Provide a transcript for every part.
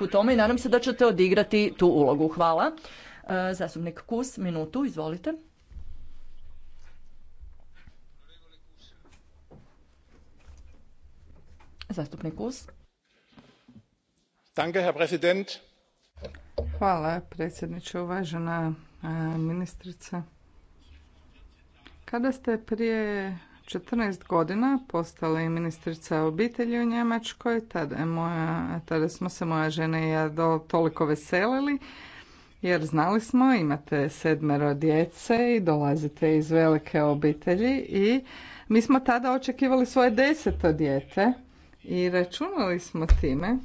u tome i nadam se da ćete odigrati tu ulogu. Hvala. E, zastupnik Kus, minutu, izvolite. Zastupnik Kus. Danke, Herr Präsident. Hvala, predsjedniče, uvažena e, ministrica. Kada ste prije 14 godina, postala je ministrica obitelji u Njemačkoj, tada, je moja, smo se moja žena i ja do, toliko veselili, jer znali smo, imate sedmero djece i dolazite iz velike obitelji i mi smo tada očekivali svoje deseto dijete i računali smo time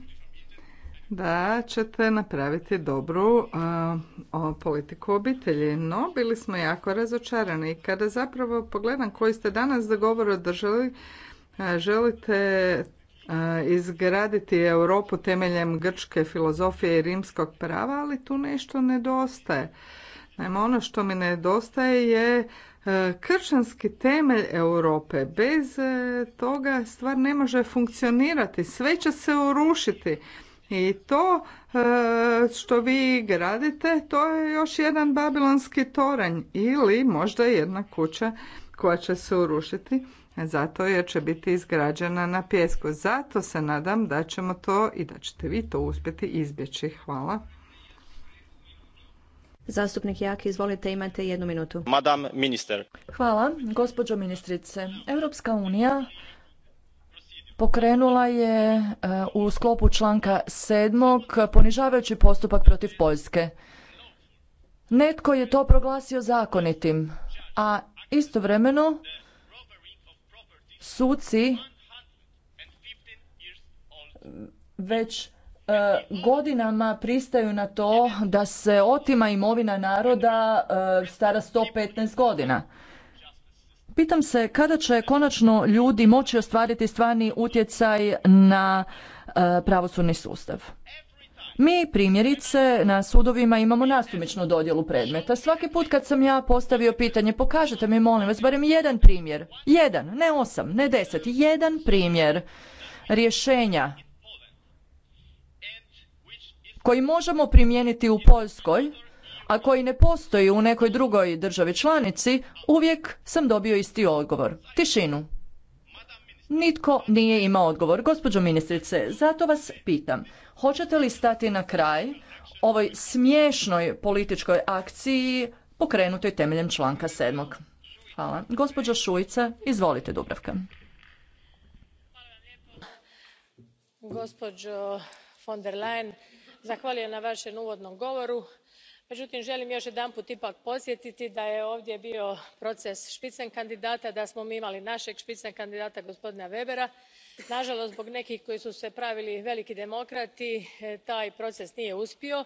da ćete napraviti dobru uh, politiku obitelji. No, bili smo jako razočarani. I kada zapravo pogledam koji ste danas za govor održali, želite izgraditi Europu temeljem grčke filozofije i rimskog prava, ali tu nešto nedostaje. Naime, ono što mi nedostaje je kršćanski temelj Europe. Bez e, toga stvar ne može funkcionirati. Sve će se urušiti. I to e, što vi gradite, to je još jedan babilonski toranj ili možda jedna kuća koja će se urušiti zato jer će biti izgrađena na pjesku. Zato se nadam da ćemo to i da ćete vi to uspjeti izbjeći. Hvala. Zastupnik Jaki, izvolite, imate jednu minutu. Madam minister. Hvala, gospođo ministrice. Europska unija pokrenula je e, u sklopu članka 7. ponižavajući postupak protiv Poljske. Netko je to proglasio zakonitim, a istovremeno suci već e, godinama pristaju na to da se otima imovina naroda e, stara 115 godina. Pitam se kada će konačno ljudi moći ostvariti stvarni utjecaj na e, pravosudni sustav. Mi primjerice na sudovima imamo nasumičnu dodjelu predmeta. Svaki put kad sam ja postavio pitanje pokažite mi molim vas barem jedan primjer. Jedan, ne osam, ne deset. Jedan primjer rješenja koji možemo primijeniti u Poljskoj a koji ne postoji u nekoj drugoj državi članici, uvijek sam dobio isti odgovor. Tišinu. Nitko nije imao odgovor. Gospođo ministrice, zato vas pitam, hoćete li stati na kraj ovoj smiješnoj političkoj akciji pokrenutoj temeljem članka 7. Hvala. Gospođo Šujica, izvolite Dubravka. Gospođo von der Leyen, zahvaljujem na vašem uvodnom govoru međutim želim još jedanput ipak podsjetiti da je ovdje bio proces špicen kandidata, da smo mi imali našeg špicen kandidata, gospodina webera. nažalost zbog nekih koji su se pravili veliki demokrati e, taj proces nije uspio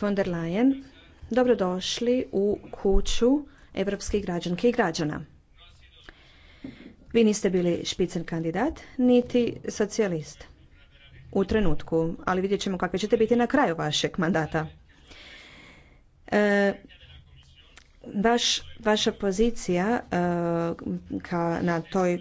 von der Leyen. Dobrodošli u kuću evropskih građanki i građana. Vi niste bili špicen kandidat, niti socijalist. U trenutku, ali vidjet ćemo kakve ćete biti na kraju vašeg mandata. E, vaša pozicija e, ka, na toj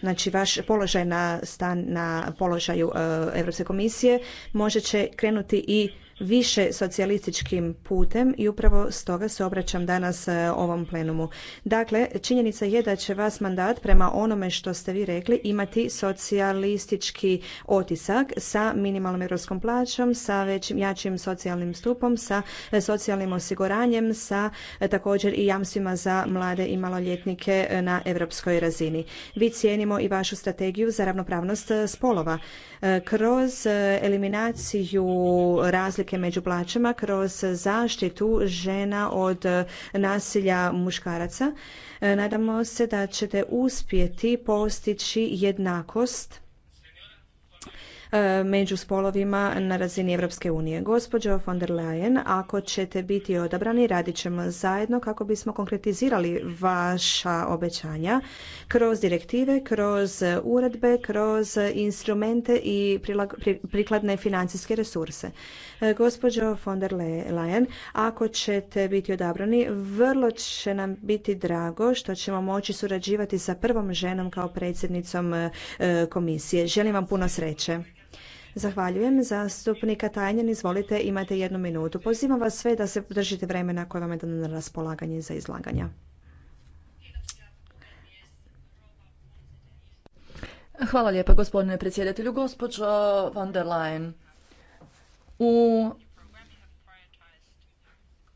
znači vaš položaj na stan na položaju Europske komisije može će krenuti i više socijalističkim putem i upravo stoga se obraćam danas e, ovom plenumu. Dakle, činjenica je da će vas mandat prema onome što ste vi rekli imati socijalistički otisak sa minimalnom europskom plaćom, sa većim jačim socijalnim stupom, sa e, socijalnim osiguranjem, sa e, također i jamstvima za mlade i maloljetnike na europskoj razini. Vi cijenimo i vašu strategiju za ravnopravnost spolova. Kroz eliminaciju razlika razlike među plaćama kroz zaštitu žena od e, nasilja muškaraca. E, nadamo se da ćete uspjeti postići jednakost e, među spolovima na razini Europske unije. Gospođo von der Leyen, ako ćete biti odabrani, radit ćemo zajedno kako bismo konkretizirali vaša obećanja kroz direktive, kroz uredbe, kroz instrumente i prikladne financijske resurse. E, gospođo von der Leyen, ako ćete biti odabrani, vrlo će nam biti drago što ćemo moći surađivati sa prvom ženom kao predsjednicom e, e, komisije. Želim vam puno sreće. Zahvaljujem. Zastupnika Tajnjen, izvolite, imate jednu minutu. Pozivam vas sve da se držite vremena koje vam je dano na raspolaganje za izlaganja. Hvala lijepa gospodine predsjedatelju. Gospođo van der Leyen, u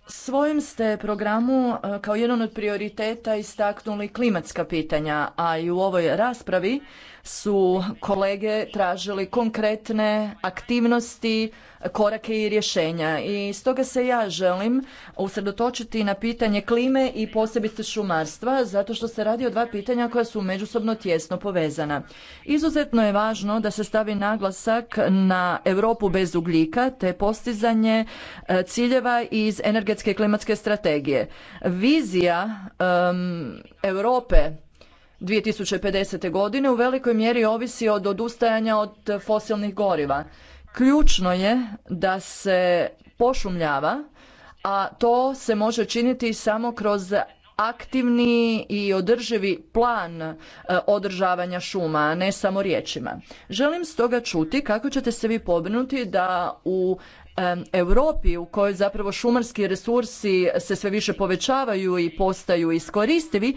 svojem ste programu e, kao jedan od prioriteta istaknuli klimatska pitanja, a i u ovoj raspravi su kolege tražili konkretne aktivnosti, korake i rješenja. I stoga se ja želim usredotočiti na pitanje klime i posebice šumarstva, zato što se radi o dva pitanja koja su međusobno tjesno povezana. Izuzetno je važno da se stavi naglasak na Europu bez ugljika, te postizanje e, ciljeva iz energetske i klimatske strategije. Vizija Europe 2050. godine u velikoj mjeri ovisi od odustajanja od fosilnih goriva. Ključno je da se pošumljava, a to se može činiti samo kroz aktivni i održivi plan e, održavanja šuma, a ne samo riječima. Želim stoga čuti kako ćete se vi pobrinuti da u Europi u kojoj zapravo šumarski resursi se sve više povećavaju i postaju iskoristivi,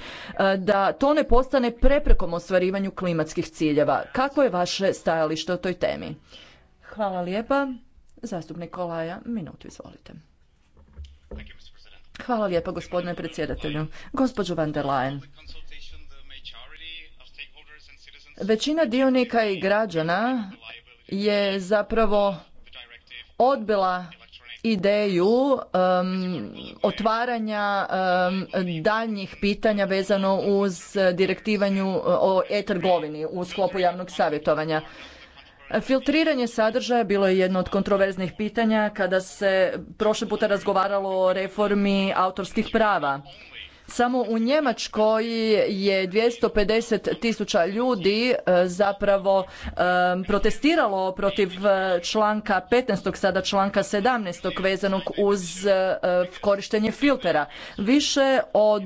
da to ne postane preprekom ostvarivanju klimatskih ciljeva. Kako je vaše stajalište o toj temi? Hvala lijepa. Zastupnik Olaja, minutu izvolite. Hvala lijepa gospodine predsjedatelju. Gospođo van der Leyen, većina dionika i građana je zapravo odbila ideju otvaranja um, daljnjih pitanja vezano uz direktivanju o e-trgovini u sklopu javnog savjetovanja. Filtriranje sadržaja bilo je jedno od kontroverznih pitanja kada se prošle puta razgovaralo o reformi autorskih prava. Samo u Njemačkoj je 250 tisuća ljudi e, zapravo e, protestiralo protiv e, članka 15. sada članka 17. vezanog uz korištenje filtera. Više od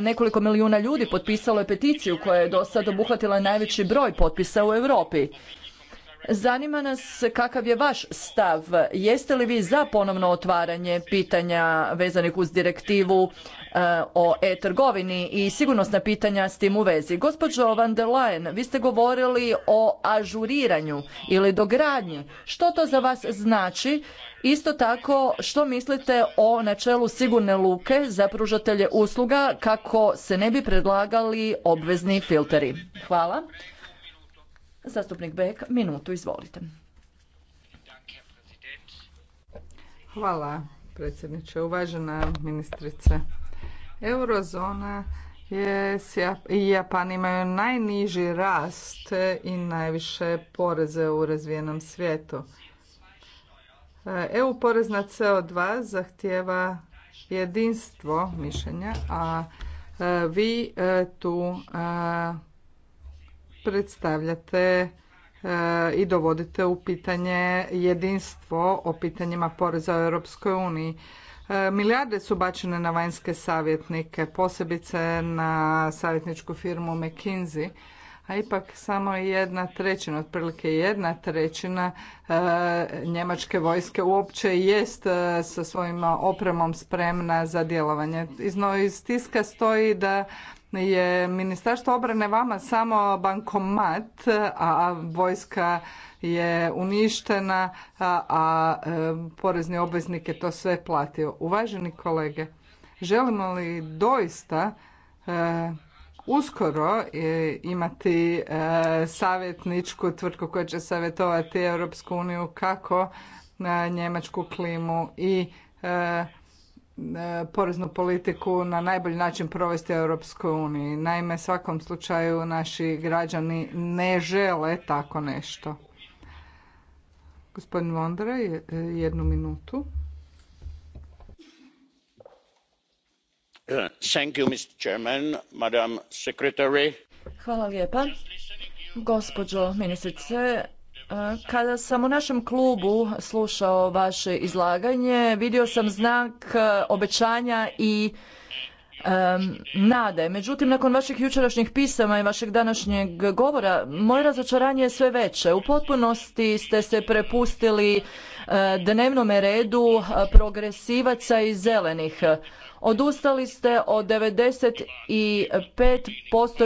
nekoliko milijuna ljudi potpisalo je peticiju koja je do sad obuhvatila najveći broj potpisa u Europi. Zanima nas kakav je vaš stav. Jeste li vi za ponovno otvaranje pitanja vezanih uz direktivu E, o e-trgovini i sigurnosna pitanja s tim u vezi. Gospođo van der Leyen, vi ste govorili o ažuriranju ili dogradnji. Što to za vas znači? Isto tako, što mislite o načelu sigurne luke za pružatelje usluga kako se ne bi predlagali obvezni filteri? Hvala. Zastupnik Bek, minutu, izvolite. Hvala, predsjedniče. Uvažena ministrice. Eurozona je, i Japan imaju najniži rast i najviše poreze u razvijenom svijetu. E, EU porez na CO2 zahtjeva jedinstvo mišljenja, a e, vi e, tu predstavljate i dovodite u pitanje jedinstvo o pitanjima poreza u Europskoj uniji. E, milijarde su bačene na vanjske savjetnike, posebice na savjetničku firmu McKinsey, a ipak samo jedna trećina, otprilike jedna trećina e, njemačke vojske uopće jest e, sa svojim opremom spremna za djelovanje. Iz tiska stoji da je Ministarstvo obrane vama samo bankomat, a vojska je uništena, a, e, porezni obveznik je to sve platio. Uvaženi kolege, želimo li doista e, uskoro e, imati e, savjetničku tvrtku koja će savjetovati Europsku uniju kako na njemačku klimu i E, poreznu politiku na najbolji način provesti u Europskoj uniji. Naime, svakom slučaju naši građani ne žele tako nešto. Gospodin Vondra, e, jednu minutu. Uh, thank you, Mr. Chairman, Madam Secretary. Hvala lijepa. Gospođo ministrice, kada sam u našem klubu slušao vaše izlaganje, vidio sam znak e, obećanja i e, nade. Međutim, nakon vaših jučerašnjih pisama i vašeg današnjeg govora, moje razočaranje je sve veće. U potpunosti ste se prepustili dnevnom dnevnome redu e, progresivaca i zelenih. Odustali ste od 95%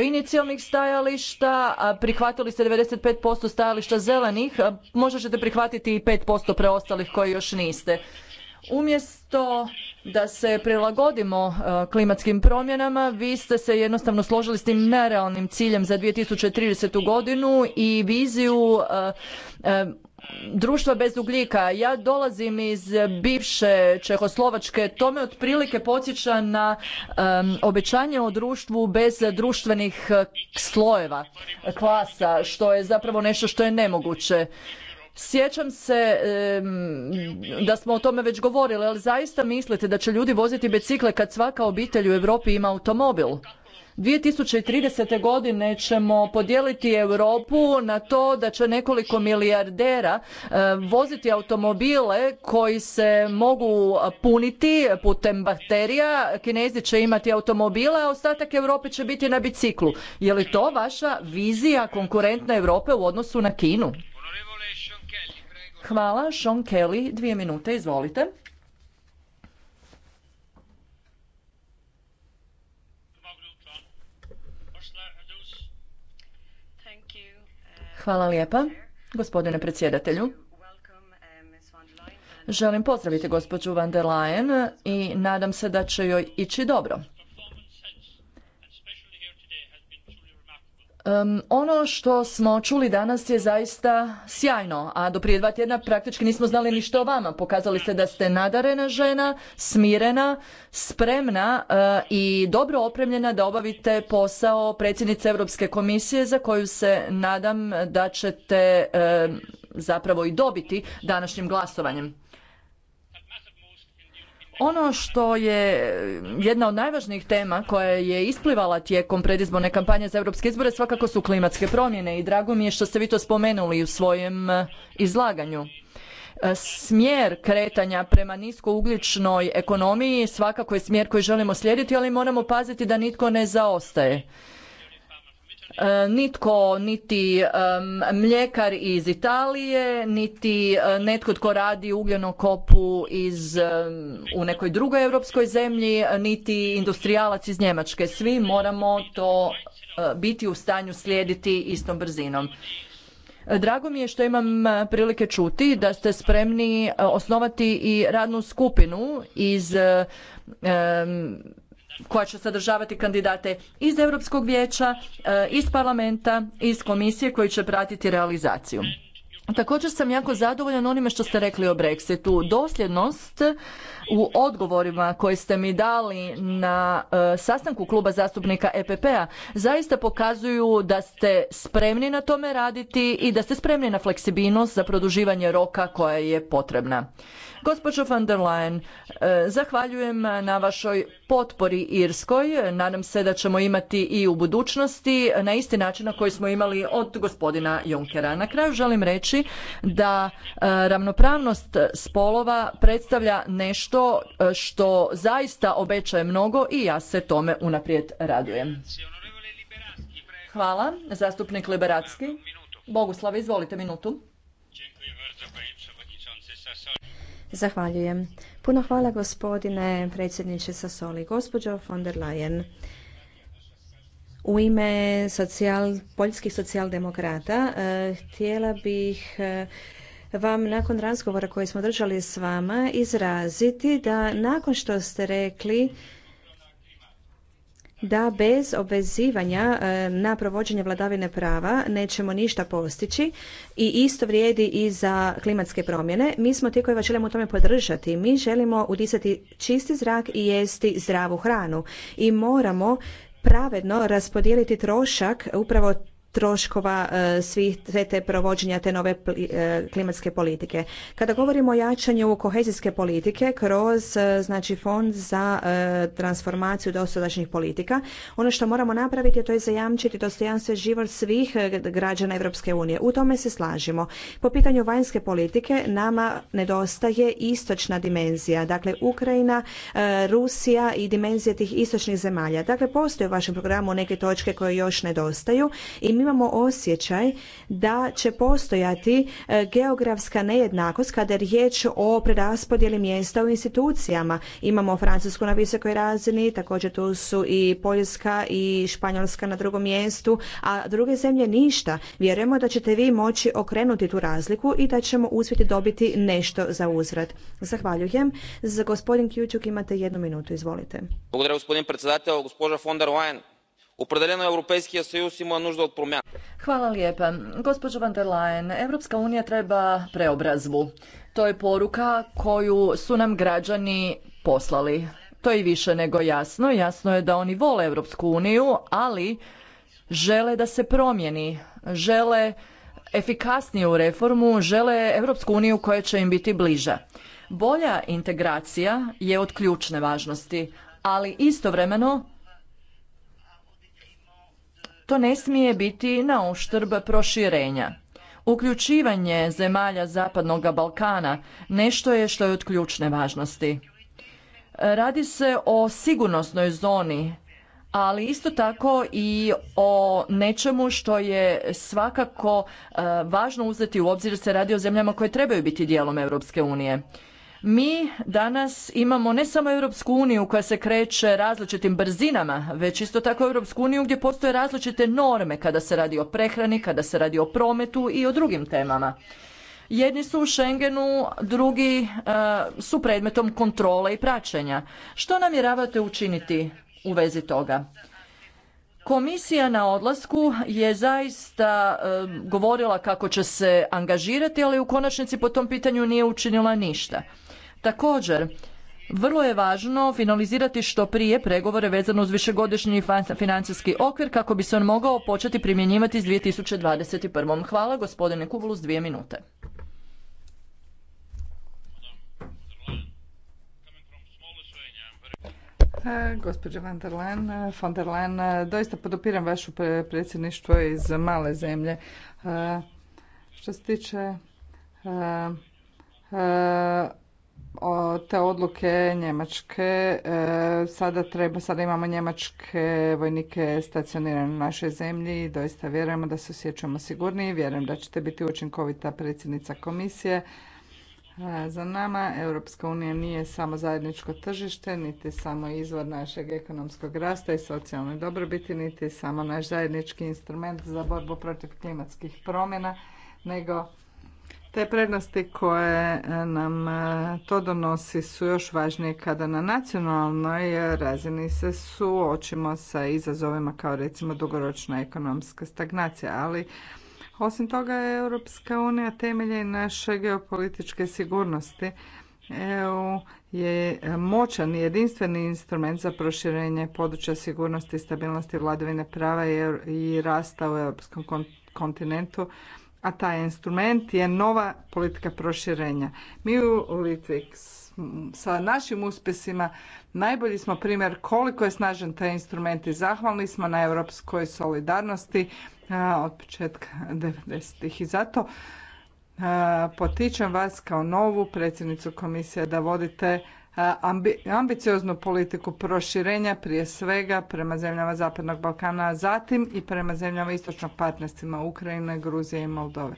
inicijalnih stajališta, prihvatili ste 95% stajališta zelenih, možda ćete prihvatiti i 5% preostalih koji još niste. Umjesto da se prilagodimo e, klimatskim promjenama, vi ste se jednostavno složili s tim nerealnim ciljem za 2030. godinu i viziju e, e, društva bez ugljika. Ja dolazim iz bivše Čehoslovačke. To me otprilike podsjeća na obećanje o društvu bez društvenih eh, slojeva, klasa, što je zapravo nešto što je nemoguće. Sjećam se da smo o tome već govorili, ali zaista mislite da će ljudi voziti bicikle kad svaka obitelj u Europi ima automobil? 2030. godine ćemo podijeliti Europu na to da će nekoliko milijardera e, voziti automobile koji se mogu puniti putem bakterija. Kinezi će imati automobile, a ostatak Europe će biti na biciklu. Je li to vaša vizija konkurentne Europe u odnosu na Kinu? Hvala. Sean dvije minute, izvolite. Hvala lijepa, gospodine predsjedatelju. Želim pozdraviti gospođu van der Leyen i nadam se da će joj ići dobro. ono što smo čuli danas je zaista sjajno, a do prije dva tjedna praktički nismo znali ništa o vama. Pokazali ste da ste nadarena žena, smirena, spremna e, i dobro opremljena da obavite posao predsjednice Europske komisije za koju se nadam da ćete e, zapravo i dobiti današnjim glasovanjem. Ono što je jedna od najvažnijih tema koja je isplivala tijekom predizborne kampanje za europske izbore svakako su klimatske promjene i drago mi je što ste vi to spomenuli u svojem eh, izlaganju. Eh, smjer kretanja prema niskougljičnoj ekonomiji svakako je smjer koji želimo slijediti, ali moramo paziti da nitko ne zaostaje. E, nitko niti mljekar iz Italije, niti e, netko tko radi ugljenokopu u nekoj drugoj europskoj zemlji, niti industrijalac iz Njemačke. Svi moramo to e, biti u stanju slijediti istom brzinom. Drago mi je što imam prilike čuti da ste spremni osnovati i radnu skupinu iz koja će sadržavati kandidate iz Europskog vijeća, e, iz parlamenta, iz komisije koji će pratiti realizaciju. Također sam jako zadovoljan onime što ste rekli o Brexitu. Dosljednost u odgovorima koje ste mi dali na e, sastanku kluba zastupnika EPP-a zaista pokazuju da ste spremni na tome raditi i da ste spremni na fleksibilnost za produživanje roka koja je potrebna. Gospođo van der Leyen, e, zahvaljujem na vašoj potpori Irskoj. Nadam se da ćemo imati i u budućnosti na isti način na koji smo imali od gospodina Junckera. Na kraju želim reći da e, ravnopravnost spolova predstavlja nešto to e, što zaista obećaje mnogo i ja se tome unaprijed radujem. Hvala. Zastupnik Liberacki. Boguslav, izvolite minutu. Zahvaljujem. Puno hvala gospodine predsjedniče Sasoli. Gospođo von der Leyen, u ime socijal, poljskih socijaldemokrata e, htjela bih e, vam nakon razgovora koji smo držali s vama izraziti da nakon što ste rekli da bez obvezivanja e, na provođenje vladavine prava nećemo ništa postići i isto vrijedi i za klimatske promjene. Mi smo ti koji vas želimo u tome podržati. Mi želimo udisati čisti zrak i jesti zdravu hranu. I moramo pravedno raspodijeliti trošak upravo troškova e, svih sve te provođenja te nove e, klimatske politike. Kada govorimo o jačanju kohezijske politike kroz e, znači fond za transformaciju dosadašnjih politika, ono što moramo napraviti to je zajamčiti dostojanstven život svih građana Europske unije. U tome se slažemo. Po pitanju vanjske politike nama nedostaje istočna dimenzija, dakle Ukrajina, Rusija i dimenzija tih istočnih zemalja. Dakle postoje u vašem programu neke točke koje još nedostaju i imamo osjećaj da će postojati e, geografska nejednakost kada je riječ o preraspodjeli mjesta u institucijama. Imamo Francusku na visokoj razini, također tu su i Poljska i Španjolska na drugom mjestu, a druge zemlje ništa. Vjerujemo da ćete vi moći okrenuti tu razliku i da ćemo uspjeti dobiti nešto za uzrad. Zahvaljujem. Za gospodin Kjučuk imate jednu minutu, izvolite. Благодаря, господин председател. Госпожа фон Лайен, Opredeljeno Europejski sojuz ima nužda od promjena. Hvala lijepa. Gospođo van der Leyen, Europska unija treba preobrazbu. To je poruka koju su nam građani poslali. To je i više nego jasno. Jasno je da oni vole Europsku uniju, ali žele da se promijeni. Žele efikasniju reformu, žele Europsku uniju koja će im biti bliža. Bolja integracija je od ključne važnosti, ali istovremeno to ne smije biti na uštrb proširenja. Uključivanje zemalja Zapadnog Balkana nešto je što je od ključne važnosti. Radi se o sigurnosnoj zoni, ali isto tako i o nečemu što je svakako e, važno uzeti u obzir jer se radi o zemljama koje trebaju biti dijelom Europske unije. Mi danas imamo ne samo Europsku uniju koja se kreće različitim brzinama, već isto tako Europsku uniju gdje postoje različite norme kada se radi o prehrani, kada se radi o prometu i o drugim temama. Jedni su u Schengenu, drugi e, su predmetom kontrole i praćenja. Što namjeravate učiniti u vezi toga? Komisija na odlasku je zaista e, govorila kako će se angažirati, ali u konačnici po tom pitanju nije učinila ništa. Također, vrlo je važno finalizirati što prije pregovore vezano uz višegodišnji financijski okvir kako bi se on mogao početi primjenjivati s 2021. Hvala gospodine Kubulus, dvije minute. E, gospodine van der Leyen, von der Leyen, doista podupiram vašu predsjedništvo iz male zemlje. E, što se tiče e, te odluke Njemačke. E, sada treba, sada imamo njemačke vojnike stacionirane u našoj zemlji i doista vjerujemo da se osjećamo sigurniji. Vjerujem da ćete biti učinkovita predsjednica komisije. E, za nama Europska unija nije samo zajedničko tržište, niti samo izvor našeg ekonomskog rasta i socijalne dobrobiti, niti samo naš zajednički instrument za borbu protiv klimatskih promjena, nego te prednosti koje e, nam e, to donosi su još važnije kada na nacionalnoj e, razini se suočimo sa izazovima kao recimo dugoročna ekonomska stagnacija, ali osim toga Europska unija temelje naše geopolitičke sigurnosti. EU je moćan i jedinstveni instrument za proširenje područja sigurnosti, i stabilnosti, vladavine prava i rasta u europskom kontinentu a taj instrument je nova politika proširenja. Mi u Litvi sa našim uspjesima najbolji smo primjer koliko je snažan taj instrument i zahvalni smo na europskoj solidarnosti od početka 90-ih. I zato a, potičem vas kao novu predsjednicu komisije da vodite E, ambi, ambicioznu politiku proširenja prije svega prema zemljama Zapadnog Balkana, a zatim i prema zemljama istočnog partnerstvima Ukrajine, Gruzije i Moldove.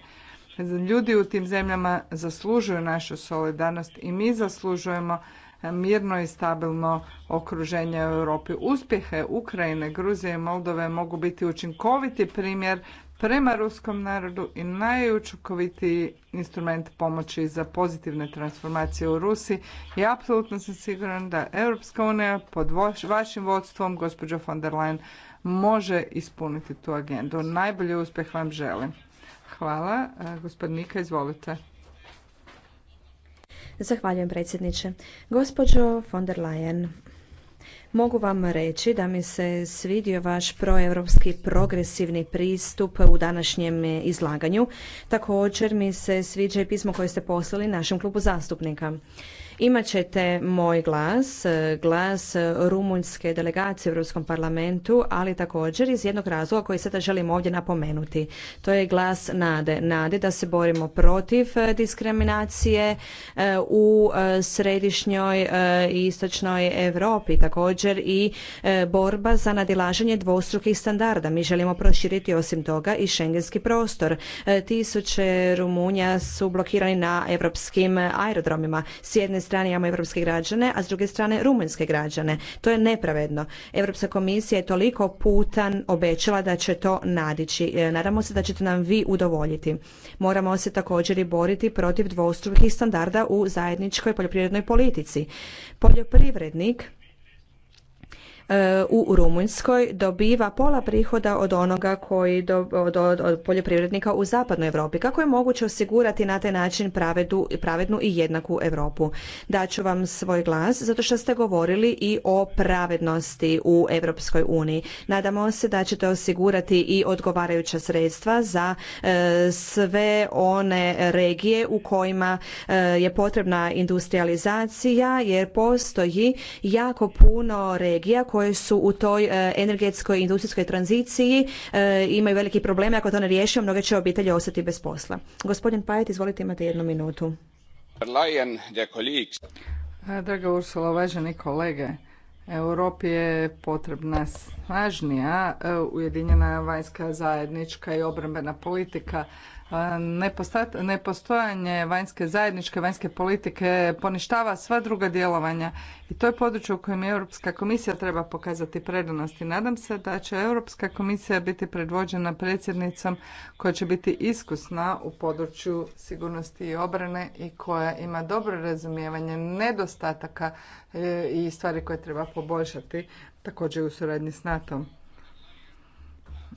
Ljudi u tim zemljama zaslužuju našu solidarnost i mi zaslužujemo e, mirno i stabilno okruženje u Europi. Uspjehe Ukrajine, Gruzije i Moldove mogu biti učinkoviti primjer prema ruskom narodu i najučukovitiji instrument pomoći za pozitivne transformacije u Rusiji i apsolutno sam siguran da Europska unija pod vašim vodstvom, gospođo von der Leyen, može ispuniti tu agendu. Najbolji uspjeh vam želim. Hvala. E, gospodin izvolite. Zahvaljujem predsjedniče. Gospođo von der Leyen, Mogu vam reći da mi se svidio vaš proevropski progresivni pristup u današnjem izlaganju. Također mi se sviđa i pismo koje ste poslali našem klubu zastupnika. Imat ćete moj glas, e, glas rumunjske delegacije u Europskom parlamentu, ali također iz jednog razloga koji sada želim ovdje napomenuti. To je glas nade. Nade da se borimo protiv e, diskriminacije e, u središnjoj i istočnoj Europi. Također i borba za nadilaženje dvostrukih standarda. Mi želimo proširiti osim toga i šengenski prostor. Tisuće Rumunja su blokirani na europskim aerodromima. S jedne strane imamo europske građane, a s druge strane rumunjske građane. To je nepravedno. Europska komisija je toliko puta obećala da će to nadići. E, nadamo se da ćete nam vi udovoljiti. Moramo se također i boriti protiv dvostrukih standarda u zajedničkoj poljoprivrednoj politici. Poljoprivrednik E, u Rumunjskoj dobiva pola prihoda od onoga koji do, od, od, poljoprivrednika u zapadnoj Europi. Kako je moguće osigurati na taj način pravednu i jednaku Europu? Daću vam svoj glas zato što ste govorili i o pravednosti u Europskoj uniji. Nadamo se da ćete osigurati i odgovarajuća sredstva za e, sve one regije u kojima e, je potrebna industrializacija jer postoji jako puno regija koje su u toj e, energetskoj industrijskoj tranziciji e, imaju veliki probleme. Ako to ne riješe, mnoge će obitelji ostati bez posla. Gospodin Pajet, izvolite, imate jednu minutu. Draga Ursula, uvaženi kolege, Europi je potrebna snažnija, e, ujedinjena vanjska zajednička i obrambena politika, nepostojanje vanjske zajedničke vanjske politike poništava sva druga djelovanja i to je područje u kojem Europska komisija treba pokazati predanost i nadam se da će Europska komisija biti predvođena predsjednicom koja će biti iskusna u području sigurnosti i obrane i koja ima dobro razumijevanje nedostataka e, i stvari koje treba poboljšati također u suradnji s NATO-om.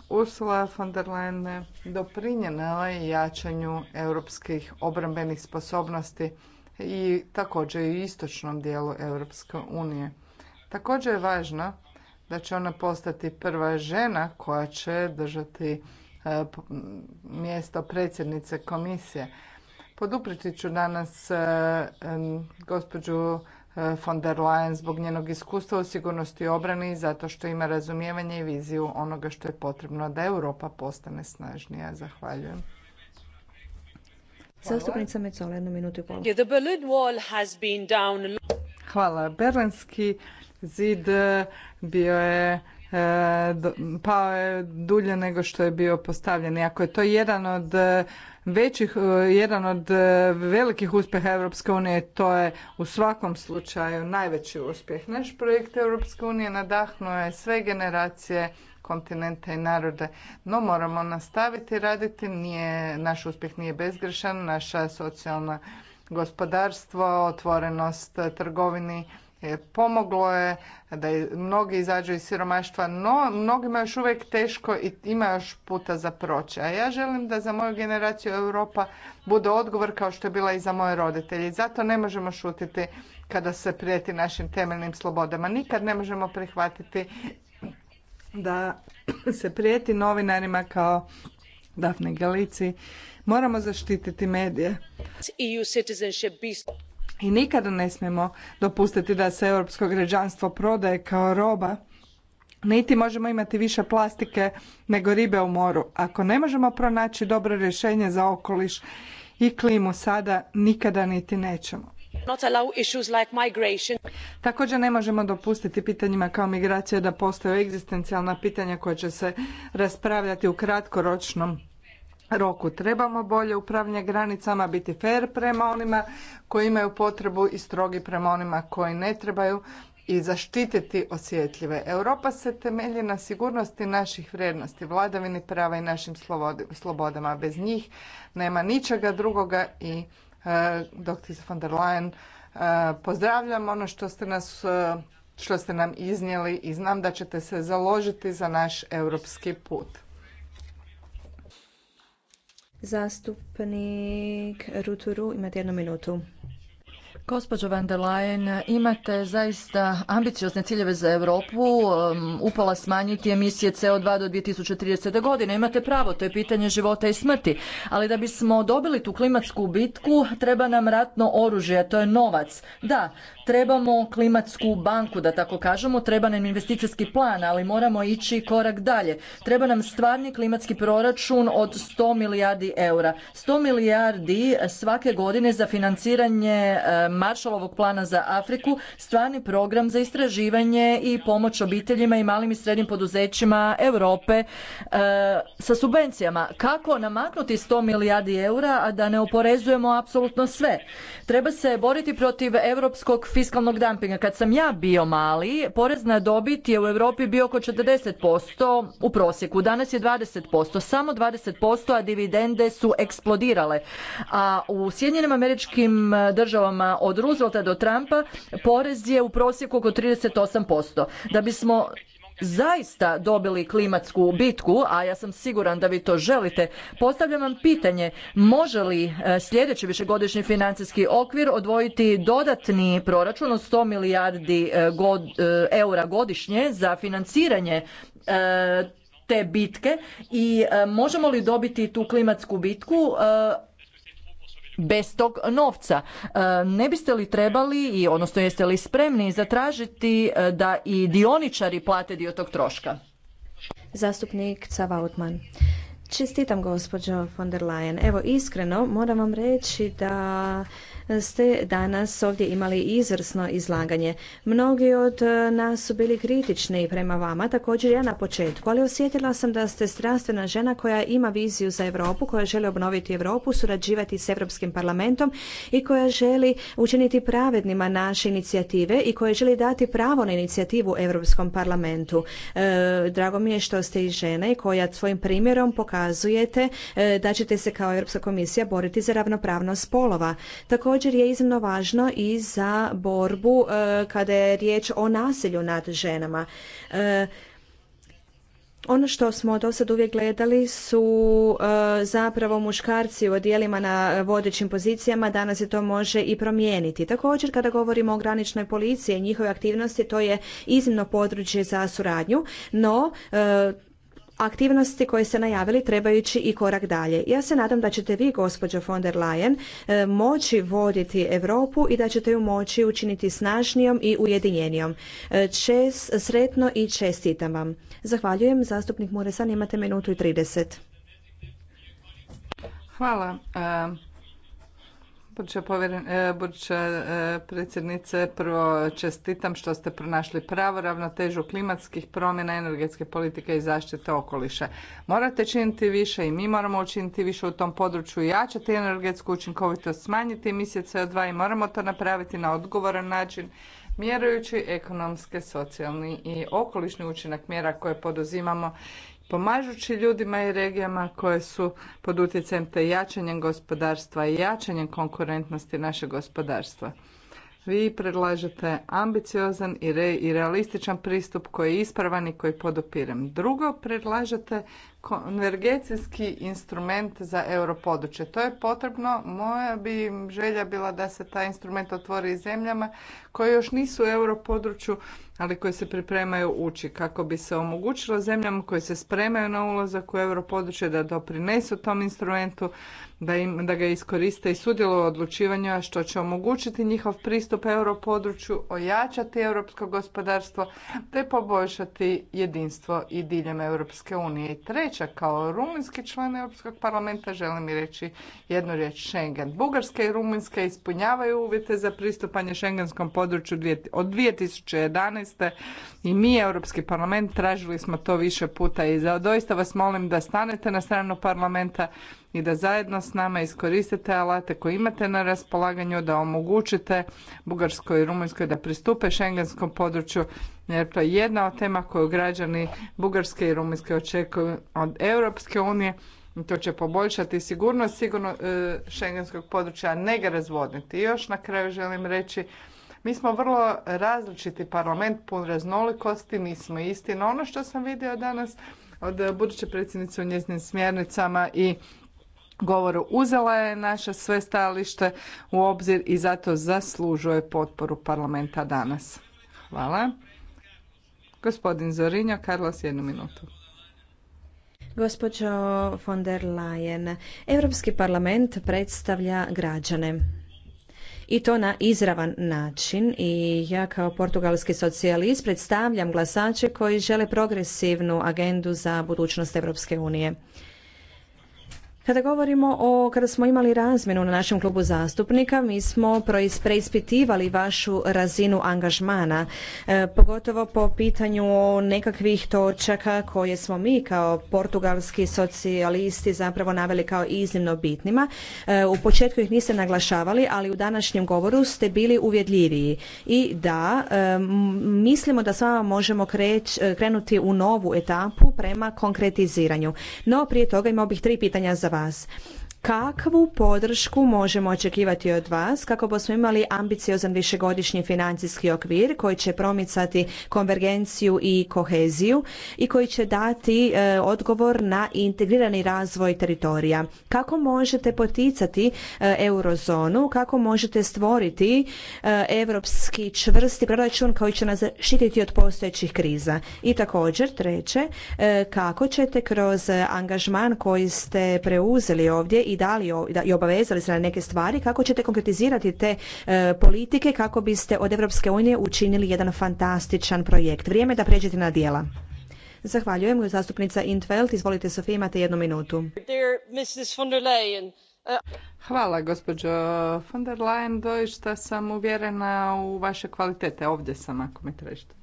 Ursula von der Leyen doprinjenala je jačanju europskih obrambenih sposobnosti i također i istočnom dijelu Europske unije. Također je važno da će ona postati prva žena koja će držati e, mjesto predsjednice komisije. Podupriti ću danas e, gospođu von der Leyen zbog njenog iskustva u sigurnosti i obrani zato što ima razumijevanje i viziju onoga što je potrebno da Europa postane snažnija. Zahvaljujem. Hvala. Berlinski zid eh, bio je eh, pao je dulje nego što je bio postavljen. Iako je to jedan od eh, većih, e, jedan od e, velikih uspjeha Europske unije, to je u svakom slučaju najveći uspjeh. Naš projekt Europske unije nadahnuo je sve generacije kontinenta i narode. No moramo nastaviti raditi, nije, naš uspjeh nije bezgrešan, naša socijalna gospodarstvo, otvorenost trgovini, E, pomoglo je da mnogi izađu iz siromaštva, no mnogima još uvijek teško i ima još puta za proći. A ja želim da za moju generaciju Europa bude odgovor kao što je bila i za moje roditelje. Zato ne možemo šutiti kada se prijeti našim temeljnim slobodama. Nikad ne možemo prihvatiti da se prijeti novinarima kao Dafne Galici. Moramo zaštititi medije. EU i nikada ne smijemo dopustiti da se europsko građanstvo prodaje kao roba. Niti možemo imati više plastike nego ribe u moru. Ako ne možemo pronaći dobro rješenje za okoliš i klimu sada, nikada niti nećemo. Također ne možemo dopustiti pitanjima kao migracija da postaju egzistencijalna pitanja koja će se raspravljati u kratkoročnom roku. Trebamo bolje upravljanje granicama, biti fair prema onima koji imaju potrebu i strogi prema onima koji ne trebaju i zaštititi osjetljive. Europa se temelji na sigurnosti naših vrijednosti, vladavini prava i našim slobodama. Bez njih nema ničega drugoga i e, dr. von der Leyen e, pozdravljam ono što ste nas e, što ste nam iznijeli i znam da ćete se založiti za naš europski put. Zastupnik Ruturu, imate jednu minutu. Gospođo van der Leyen, imate zaista ambiciozne ciljeve za Europu, um, Upala smanjiti emisije CO2 do 2030. godine. Imate pravo, to je pitanje života i smrti. Ali da bismo dobili tu klimatsku bitku, treba nam ratno oružje, a to je novac. Da, trebamo klimatsku banku, da tako kažemo, treba nam investicijski plan, ali moramo ići korak dalje. Treba nam stvarni klimatski proračun od 100 milijardi eura. 100 milijardi svake godine za financiranje um, Maršalovog plana za Afriku stvarni program za istraživanje i pomoć obiteljima i malim i srednjim poduzećima Europe e, sa subvencijama. Kako namaknuti 100 milijardi eura, a da ne oporezujemo apsolutno sve? Treba se boriti protiv europskog fiskalnog dampinga. Kad sam ja bio mali, porez na dobit je u Europi bio oko 40% u prosjeku. Danas je 20%, samo 20%, a dividende su eksplodirale. A u Sjedinjenim američkim državama od Roosevelta do Trumpa porez je u prosjeku oko 38%. Da bismo zaista dobili klimatsku bitku, a ja sam siguran da vi to želite, postavljam vam pitanje može li e, sljedeći višegodišnji financijski okvir odvojiti dodatni proračun od 100 milijardi e, e, eura godišnje za financiranje te bitke i možemo li dobiti tu klimatsku bitku bez tog novca. E, ne biste li trebali i odnosno jeste li spremni zatražiti e, da i dioničari plate dio tog troška? Zastupnik Cavautman. Čestitam gospođo von der Leyen. Evo iskreno moram vam reći da ste danas ovdje imali izvrsno izlaganje. Mnogi od nas su bili kritični prema vama, također ja na početku, ali osjetila sam da ste strastvena žena koja ima viziju za Europu, koja želi obnoviti Europu, surađivati s Europskim parlamentom i koja želi učiniti pravednima naše inicijative i koja želi dati pravo na inicijativu Europskom parlamentu. E, drago mi je što ste i žene koja svojim primjerom pokazujete e, da ćete se kao Europska komisija boriti za ravnopravnost spolova. tako također je iznimno važno i za borbu e, kada je riječ o nasilju nad ženama. E, ono što smo do sad uvijek gledali su e, zapravo muškarci u odjelima na vodećim pozicijama, danas se to može i promijeniti. Također kada govorimo o graničnoj policiji i njihovoj aktivnosti, to je iznimno područje za suradnju, no aktivnosti koje ste najavili trebajući i korak dalje. Ja se nadam da ćete vi, gospođo von der Leyen, e, moći voditi Europu i da ćete ju moći učiniti snažnijom i ujedinjenijom. E, sretno i čestitam vam. Zahvaljujem, zastupnik Muresan, imate minutu i 30. Hvala. E, Buduća, povjeren, e, e, predsjednice, prvo čestitam što ste pronašli pravo ravnotežu klimatskih promjena, energetske politike i zaštite okoliša. Morate činiti više i mi moramo učiniti više u tom području i jačati energetsku učinkovitost, smanjiti emisije CO2 i moramo to napraviti na odgovoran način mjerujući ekonomske, socijalni i okolišni učinak mjera koje poduzimamo pomažući ljudima i regijama koje su pod utjecajem te jačanjem gospodarstva i jačanjem konkurentnosti našeg gospodarstva. Vi predlažete ambiciozan i, i realističan pristup koji je ispravan i koji podupirem. Drugo, predlažete konvergencijski instrument za europodručje. To je potrebno. Moja bi želja bila da se taj instrument otvori i zemljama koje još nisu u europodručju, ali koje se pripremaju ući kako bi se omogućilo zemljama koje se spremaju na ulazak u europodručje da doprinesu tom instrumentu, da, im, da ga iskoriste i sudjeluju u odlučivanju, što će omogućiti njihov pristup europodručju, ojačati europsko gospodarstvo te poboljšati jedinstvo i diljem Europske unije. I treća, kao rumunski član Europskog parlamenta, želim reći jednu riječ Schengen. Bugarska i Rumunjska ispunjavaju uvjete za pristupanje Šengenskom području od 2011 i mi, Europski parlament, tražili smo to više puta i doista vas molim da stanete na stranu parlamenta i da zajedno s nama iskoristite alate koje imate na raspolaganju, da omogućite Bugarskoj i Rumunjskoj da pristupe šengenskom području, jer to je jedna od tema koju građani Bugarske i Rumunjske očekuju od Europske unije. To će poboljšati sigurnost sigurno e, šengenskog područja, a ne ga razvodniti. I još na kraju želim reći mi smo vrlo različiti parlament, pun raznolikosti, nismo isti. No ono što sam vidio danas od buduće predsjednice u njeznim smjernicama i govoru uzela je naše sve stajalište u obzir i zato zaslužuje potporu parlamenta danas. Hvala. Gospodin Zorinjo, Carlos, jednu minutu. Gospođo von der Leyen, Europski parlament predstavlja građane i to na izravan način i ja kao portugalski socijalist predstavljam glasače koji žele progresivnu agendu za budućnost Europske unije. Kada govorimo o, kada smo imali razmjenu na našem klubu zastupnika, mi smo preispitivali vašu razinu angažmana, e, pogotovo po pitanju nekakvih točaka koje smo mi kao portugalski socijalisti zapravo naveli kao iznimno bitnima. E, u početku ih niste naglašavali, ali u današnjem govoru ste bili uvjedljiviji. I da, e, mislimo da s vama možemo krenuti u novu etapu prema konkretiziranju. No, prije toga imao bih tri pitanja za vas Kakvu podršku možemo očekivati od vas kako bismo imali ambiciozan višegodišnji financijski okvir koji će promicati konvergenciju i koheziju i koji će dati e, odgovor na integrirani razvoj teritorija? Kako možete poticati e, eurozonu? Kako možete stvoriti e, europski čvrsti proračun koji će nas štititi od postojećih kriza? I također, treće, e, kako ćete kroz angažman koji ste preuzeli ovdje i i dali i obavezali se na neke stvari, kako ćete konkretizirati te e, politike kako biste od Europske unije učinili jedan fantastičan projekt. Vrijeme da pređete na dijela. Zahvaljujem, zastupnica Intveld. Izvolite, Sofija, imate jednu minutu. Uh, Hvala, gospođo von der Leyen. Doista sam uvjerena u vaše kvalitete. Ovdje sam, ako me trešite.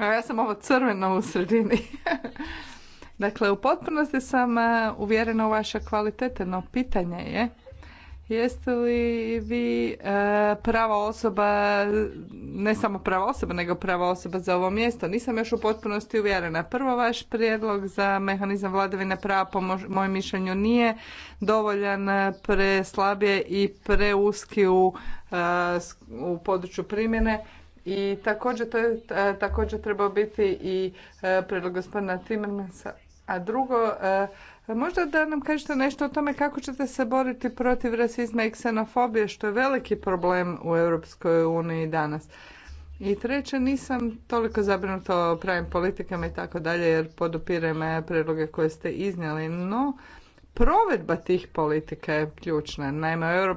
Ja sam ovo crveno u sredini. Dakle, u potpunosti sam e, uvjerena u vaše kvalitete, no pitanje je jeste li vi e, prava osoba, ne samo prava osoba, nego prava osoba za ovo mjesto. Nisam još u potpunosti uvjerena. Prvo, vaš prijedlog za mehanizam vladavine prava, po mojem mišljenju, nije dovoljan e, preslabije i preuski u, u području primjene i također to je također trebao biti i e, predlog gospodina Timmermansa. A drugo, e, možda da nam kažete nešto o tome kako ćete se boriti protiv rasizma i ksenofobije, što je veliki problem u Europskoj uniji danas. I treće, nisam toliko zabrinuta o pravim politikama i tako dalje, jer podupirem e, predloge koje ste iznijeli, no provedba tih politika je ključna. Naime, u EU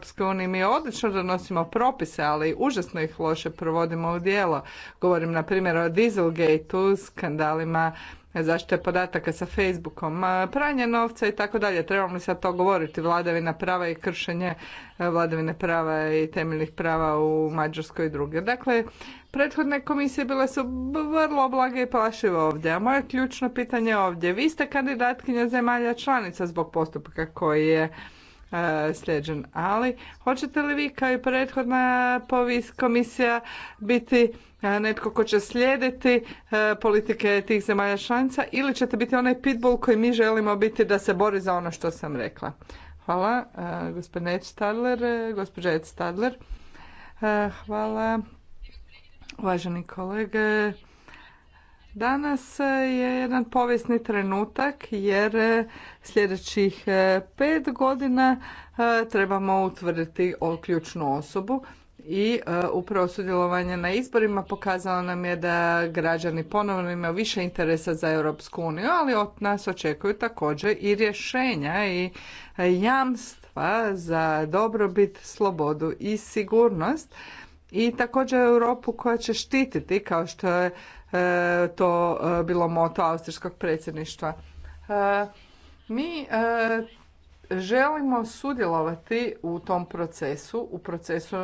mi odlično donosimo propise, ali užasno ih loše provodimo u djelo. Govorim na primjer o Dieselgate-u, skandalima zaštite podataka sa Facebookom, pranje novca i tako dalje. Trebamo li sad to govoriti? Vladavina prava i kršenje e, vladavine prava i temeljnih prava u Mađarskoj i druge. Dakle, prethodne komisije bile su vrlo blage i plašive ovdje. A moje ključno pitanje je ovdje. Vi ste kandidatkinja zemalja članica zbog postupka koji je E, sljeđen. Ali hoćete li vi kao i prethodna komisija biti e, netko ko će slijediti e, politike tih zemalja članica ili ćete biti onaj pitbull koji mi želimo biti da se bori za ono što sam rekla? Hvala, gospodine Stadler, gospođa Ed Stadler. Hvala, uvaženi kolege. Danas e, je jedan povijesni trenutak jer e, sljedećih e, pet godina trebamo utvrditi ključnu osobu i upravo sudjelovanje na izborima pokazalo nam je da građani ponovno imaju više interesa za Europsku uniju, ali od nas očekuju također i rješenja i jamstva za dobrobit, slobodu i sigurnost i također Europu koja će štititi kao što je E, to e, bilo moto austrijskog predsjedništva. E, mi želimo sudjelovati u tom procesu, u procesu,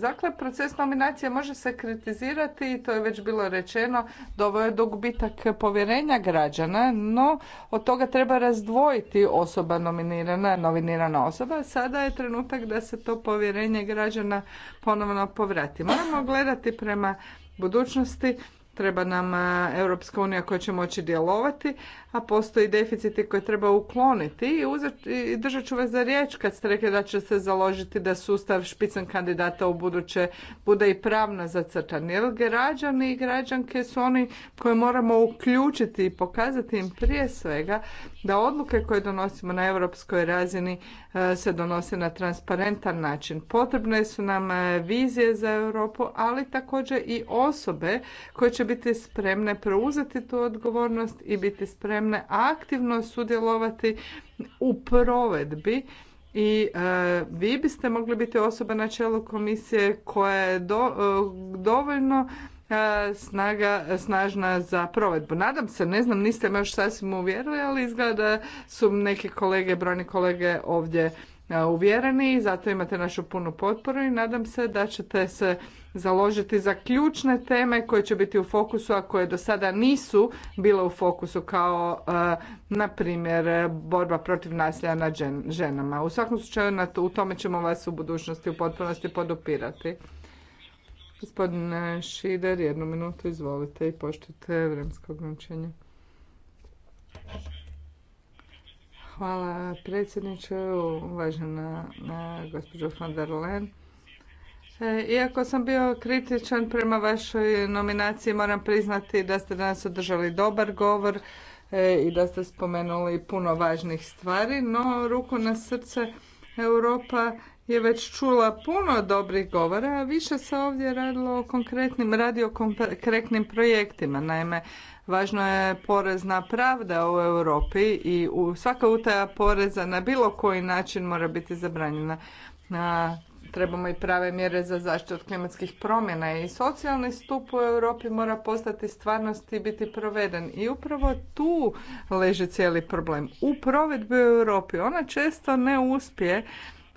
dakle proces nominacije može se kritizirati i to je već bilo rečeno, dovoje je do gubitak povjerenja građana, no od toga treba razdvojiti osoba nominirana, nominirana osoba, sada je trenutak da se to povjerenje građana ponovno povrati. Moramo gledati prema budućnosti treba nam e, Europska unija koja će moći djelovati, a postoji deficiti koje treba ukloniti i, uzet, i držat ću vas za riječ kad ste rekli da će se založiti da sustav špicen kandidata u buduće bude i pravno zacrtan. Jer građani i građanke su oni koje moramo uključiti i pokazati im prije svega da odluke koje donosimo na europskoj razini e, se donose na transparentan način. Potrebne su nam e, vizije za Europu, ali također i osobe koje će biti spremne preuzeti tu odgovornost i biti spremne aktivno sudjelovati u provedbi i e, vi biste mogli biti osoba na čelu komisije koja je dovoljno E, snaga, snažna za provedbu. Nadam se, ne znam, niste me još sasvim uvjerili, ali izgleda su neki kolege, brojni kolege ovdje e, uvjereni i zato imate našu punu potporu i nadam se da ćete se založiti za ključne teme koje će biti u fokusu, a koje do sada nisu bile u fokusu kao e, na primjer borba protiv nasilja nad ženama. U svakom slučaju u tome ćemo vas u budućnosti u potpunosti podupirati. Gospodine Šider, jednu minutu izvolite i poštujte vremsko ograničenje. Hvala predsjedniče, uvažena e, gospođo von der Leyen. E, iako sam bio kritičan prema vašoj nominaciji, moram priznati da ste danas održali dobar govor e, i da ste spomenuli puno važnih stvari, no ruku na srce Europa je već čula puno dobrih govora, a više se ovdje radilo o konkretnim, radi o konkretnim projektima. Naime, važno je porezna pravda u Europi i u, svaka utaja poreza na bilo koji način mora biti zabranjena. trebamo i prave mjere za zaštitu od klimatskih promjena i socijalni stup u Europi mora postati stvarnost i biti proveden. I upravo tu leži cijeli problem. U provedbi u Europi ona često ne uspije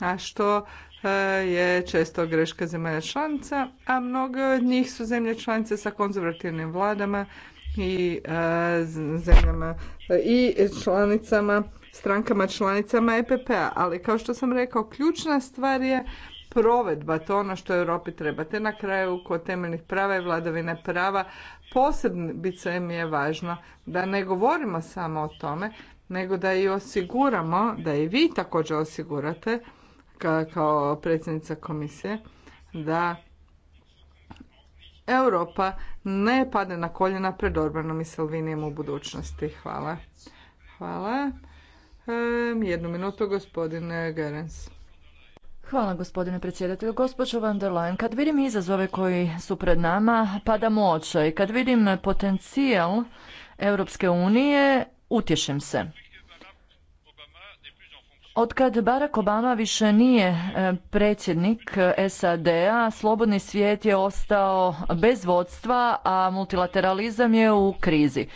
a što e, je često greška zemalja članica, a mnoge od njih su zemlje članice sa konzervativnim vladama i e, zemljama e, i članicama, strankama članicama EPP-a. Ali kao što sam rekao, ključna stvar je provedba, to ono što Europi treba. Te na kraju kod temeljnih prava i vladavine prava posebice mi je važno da ne govorimo samo o tome, nego da i osiguramo, da i vi također osigurate kao predsjednica komisije da Europa ne padne na koljena pred Orbanom i Salvinijem u budućnosti. Hvala. Hvala. Jednu minutu, gospodine Gerens. Hvala gospodine predsjedatelju. Gospođo van der Leyen, kad vidim izazove koji su pred nama, pada moć. i Kad vidim potencijal Europske unije, utješim se. Otkad Barack Obama više nije e, predsjednik e, SAD-a, slobodni svijet je ostao bez vodstva, a multilateralizam je u krizi.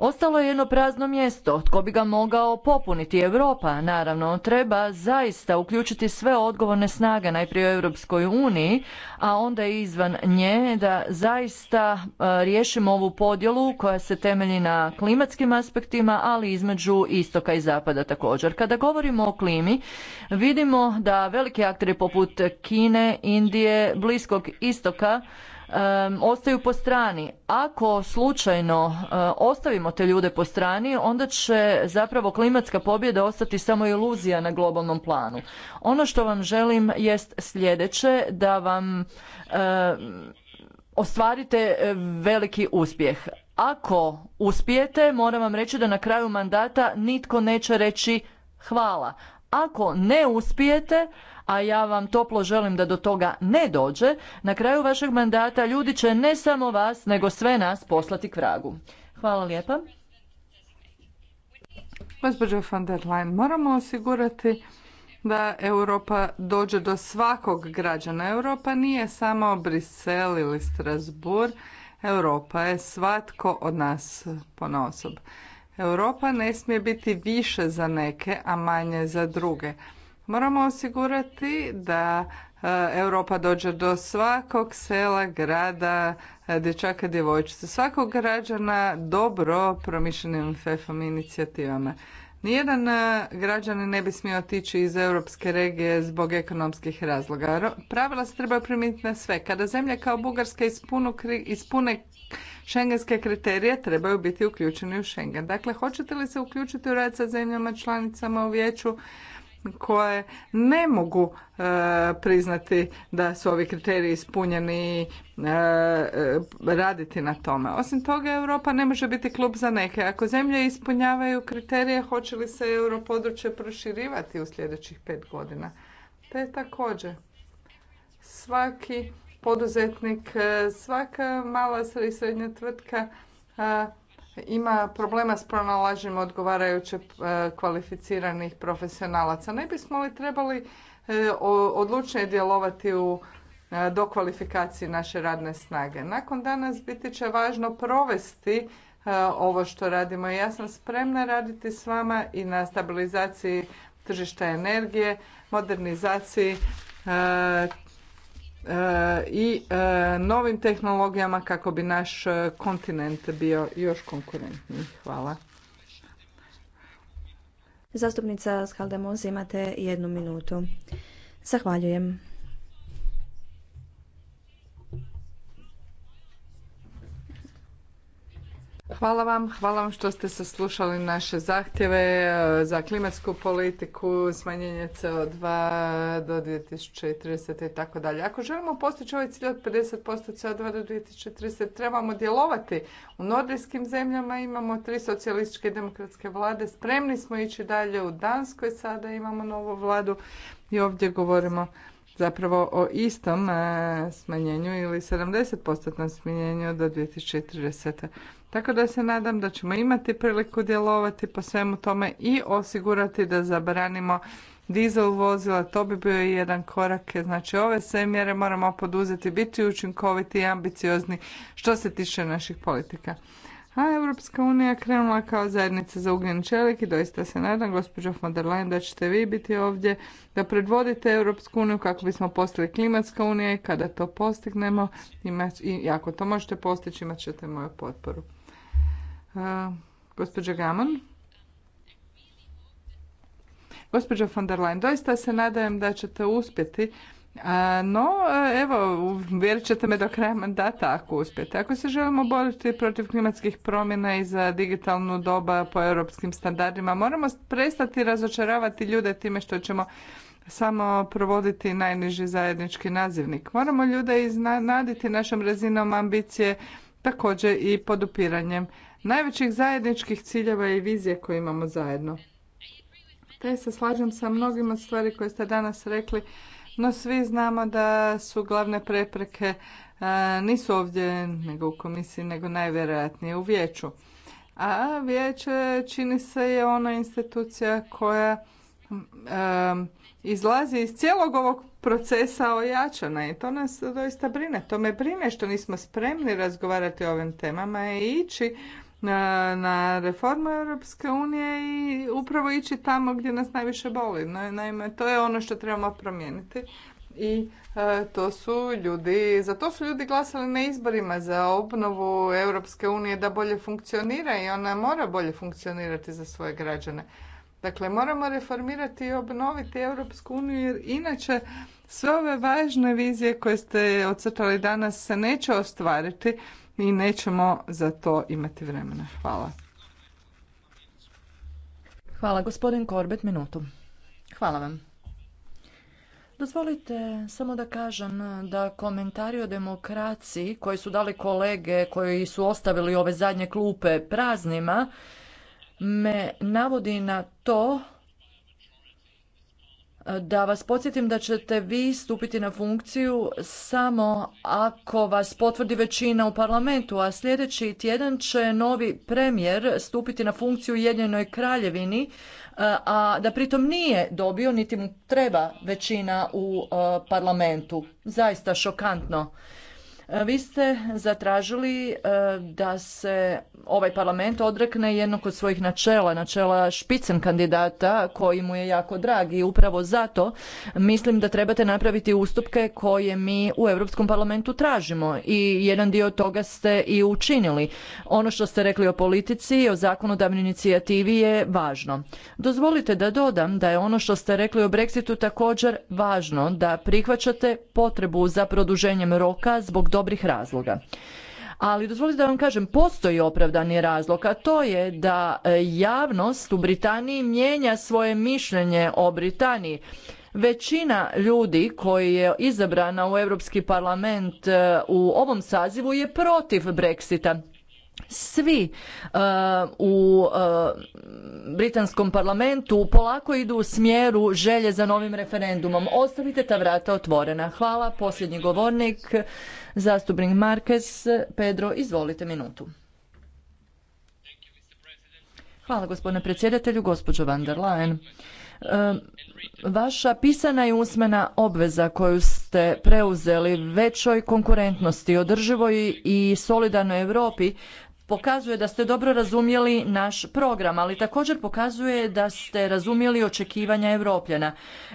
Ostalo je jedno prazno mjesto, tko bi ga mogao popuniti? Europa, naravno, treba zaista uključiti sve odgovorne snage, najprije u Europskoj uniji, a onda i izvan nje, da zaista e, riješimo ovu podjelu koja se temelji na klimatskim aspektima, ali između istoka i zapada također. Kada govorimo o klimi, vidimo da veliki akteri poput Kine, Indije, Bliskog istoka, ostaju po strani. Ako slučajno e, ostavimo te ljude po strani, onda će zapravo klimatska pobjeda ostati samo iluzija na globalnom planu. Ono što vam želim jest sljedeće, da vam e, ostvarite e, veliki uspjeh. Ako uspijete, moram vam reći da na kraju mandata nitko neće reći hvala. Ako ne uspijete, a ja vam toplo želim da do toga ne dođe, na kraju vašeg mandata ljudi će ne samo vas, nego sve nas poslati k vragu. Hvala lijepa. Gospođo von der Leyen, moramo osigurati da Europa dođe do svakog građana. Europa nije samo Brisel ili Strasbourg, Europa je svatko od nas ponosob. Europa ne smije biti više za neke, a manje za druge. Moramo osigurati da e, Europa dođe do svakog sela, grada, e, dječaka, djevojčice, svakog građana dobro promišljenim FEFOM inicijativama. Nijedan e, građanin ne bi smio otići iz europske regije zbog ekonomskih razloga. Pravila se treba primijeniti na sve. Kada zemlje kao Bugarska ispune šengenske kriterije, trebaju biti uključeni u Schengen. Dakle, hoćete li se uključiti u rad sa zemljama članicama u vijeću koje ne mogu e, priznati da su ovi kriteriji ispunjeni i e, e, raditi na tome. Osim toga, Europa ne može biti klub za neke. Ako zemlje ispunjavaju kriterije, hoće li se europodručje proširivati u sljedećih pet godina? Te također, svaki poduzetnik, svaka mala i srednja tvrtka ima problema s pronalaženjem odgovarajuće e, kvalificiranih profesionalaca. Ne bismo li trebali e, odlučnije djelovati u e, dokvalifikaciji naše radne snage. Nakon danas biti će važno provesti ovo što radimo. Ja sam spremna raditi s vama i na stabilizaciji tržišta energije, modernizaciji i e, novim tehnologijama kako bi naš e, kontinent bio još konkurentniji. Hvala. Zastupnica Skaldemoz, imate jednu minutu. Zahvaljujem. Hvala vam, hvala vam što ste saslušali naše zahtjeve e, za klimatsku politiku, smanjenje CO2 do 2030. i tako dalje. Ako želimo postići ovaj cilj od 50% CO2 do 2030. trebamo djelovati. U nordijskim zemljama imamo tri socijalističke i demokratske vlade, spremni smo ići dalje u Danskoj, sada imamo novu vladu i ovdje govorimo zapravo o istom e, smanjenju ili 70% smanjenju do 2030. Tako da se nadam da ćemo imati priliku djelovati po svemu tome i osigurati da zabranimo dizel vozila, to bi bio jedan korak. Znači ove sve mjere moramo poduzeti, biti učinkoviti i ambiciozni što se tiče naših politika. A Europska unija krenula kao zajednica za ugljen čelik i doista se nadam, gospođo von der Leyen, da ćete vi biti ovdje, da predvodite Europsku uniju kako bismo postali klimatska unija i kada to postignemo i ako to možete postići imat ćete moju potporu. Uh, Gamon? Gospođo von der Leyen, doista se nadajem da ćete uspjeti no, evo, vjerit ćete me do kraja mandata ako uspijete. Ako se želimo boriti protiv klimatskih promjena i za digitalnu doba po europskim standardima, moramo prestati razočaravati ljude time što ćemo samo provoditi najniži zajednički nazivnik. Moramo ljude iznaditi našom razinom ambicije, također i podupiranjem najvećih zajedničkih ciljeva i vizije koje imamo zajedno. Te se slažem sa mnogima stvari koje ste danas rekli no svi znamo da su glavne prepreke e, nisu ovdje nego u komisiji nego najvjerojatnije u vijeću. A vijeće čini se je ona institucija koja e, izlazi iz cijelog ovog procesa ojačana i to nas doista brine. To me brine što nismo spremni razgovarati o ovim temama i ići na, reformu Europske unije i upravo ići tamo gdje nas najviše boli. Naime, to je ono što trebamo promijeniti i e, to su ljudi, za to su ljudi glasali na izborima za obnovu Europske unije da bolje funkcionira i ona mora bolje funkcionirati za svoje građane. Dakle, moramo reformirati i obnoviti Europsku uniju jer inače sve ove važne vizije koje ste ocrtali danas se neće ostvariti i nećemo za to imati vremena. Hvala. Hvala, gospodin Korbet, minutu. Hvala vam. Dozvolite samo da kažem da komentari o demokraciji koji su dali kolege koji su ostavili ove zadnje klupe praznima me navodi na to da vas podsjetim da ćete vi stupiti na funkciju samo ako vas potvrdi većina u parlamentu, a sljedeći tjedan će novi premijer stupiti na funkciju Ujedinjenoj kraljevini, a da pritom nije dobio niti mu treba većina u eh, parlamentu. Zaista šokantno. Vi ste zatražili e, da se ovaj parlament odrekne jednog od svojih načela, načela špicen kandidata koji mu je jako drag i upravo zato mislim da trebate napraviti ustupke koje mi u Europskom parlamentu tražimo i jedan dio toga ste i učinili. Ono što ste rekli o politici i o zakonodavnoj inicijativi je važno. Dozvolite da dodam da je ono što ste rekli o Brexitu također važno, da prihvaćate potrebu za produženjem roka zbog dobrih razloga. Ali dozvolite da vam kažem, postoji opravdani razlog, a to je da e, javnost u Britaniji mijenja svoje mišljenje o Britaniji. Većina ljudi koji je izabrana u Europski parlament e, u ovom sazivu je protiv Brexita svi uh, u uh, britanskom parlamentu polako idu u smjeru želje za novim referendumom. Ostavite ta vrata otvorena. Hvala. Posljednji govornik, zastupnik Marquez. Pedro, izvolite minutu. Hvala gospodine predsjedatelju, gospođo van der Leyen. Uh, vaša pisana i usmena obveza koju ste preuzeli većoj konkurentnosti, održivoj i solidarnoj Europi pokazuje da ste dobro razumjeli naš program, ali također pokazuje da ste razumjeli očekivanja Europljana.